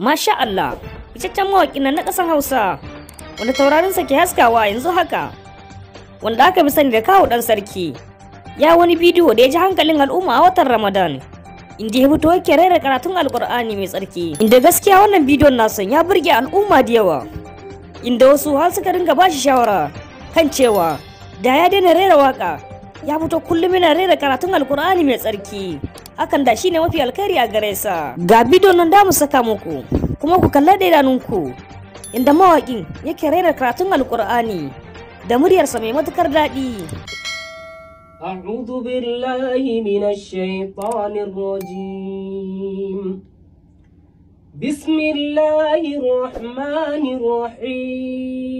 Masha Allah, fitaccen mawaƙi na ƙasar Hausa, wanda taurarinsa ke haskawa yanzu haka, wanda aka bi sani da kawo ɗan sarki, ya wani bidiyo da ya ji hankalin al'umma a watan Ramadan, inda ya fito yake raira karatun Alƙur'ani mai tsarki, inda gaskiya wannan bidiyon nasan ya burge al'umma da yawa, inda wasu har suka ringa bashi shawara kan cewa da ya daina raira waƙa, ya fito kullum yana raira karatun alkur'ani mai tsarki. hakan da shine mafi alkhairi a gare sa ga bidiyon nan da mu saka muku kuma ku kalla da idanunku inda mawaƙin yake raira karatun alƙur'ani da muryarsa mai matukar daɗi أعوذ بالله من الشيطان الرجيم بسم الله الرحمن الرحيم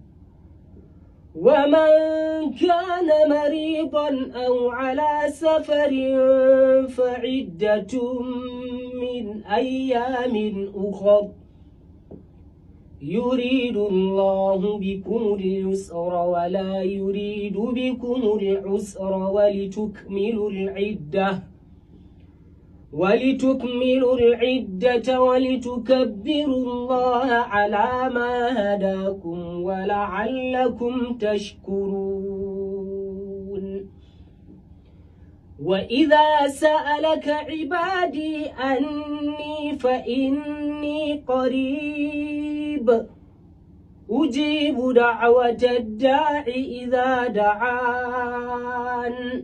ومن كان مريضا أو على سفر فعدة من أيام أخر يريد الله بكم اليسر ولا يريد بكم العسر ولتكملوا العده ولتكملوا العدة ولتكبروا الله على ما هداكم ولعلكم تشكرون وإذا سألك عبادي أني فإني قريب أجيب دعوة الداع إذا دعان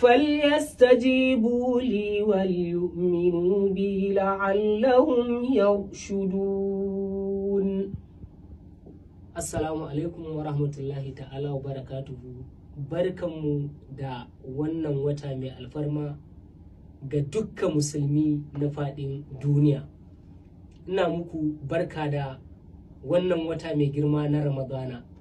فليستجيبوا لي وليؤمنوا بي لعلهم يرشدون السلام عليكم ورحمة الله تعالى وبركاته barkanmu da wannan wata mai alfarma ga dukkan musulmi na faɗin duniya ina muku barka da wannan wata mai girma na ramadana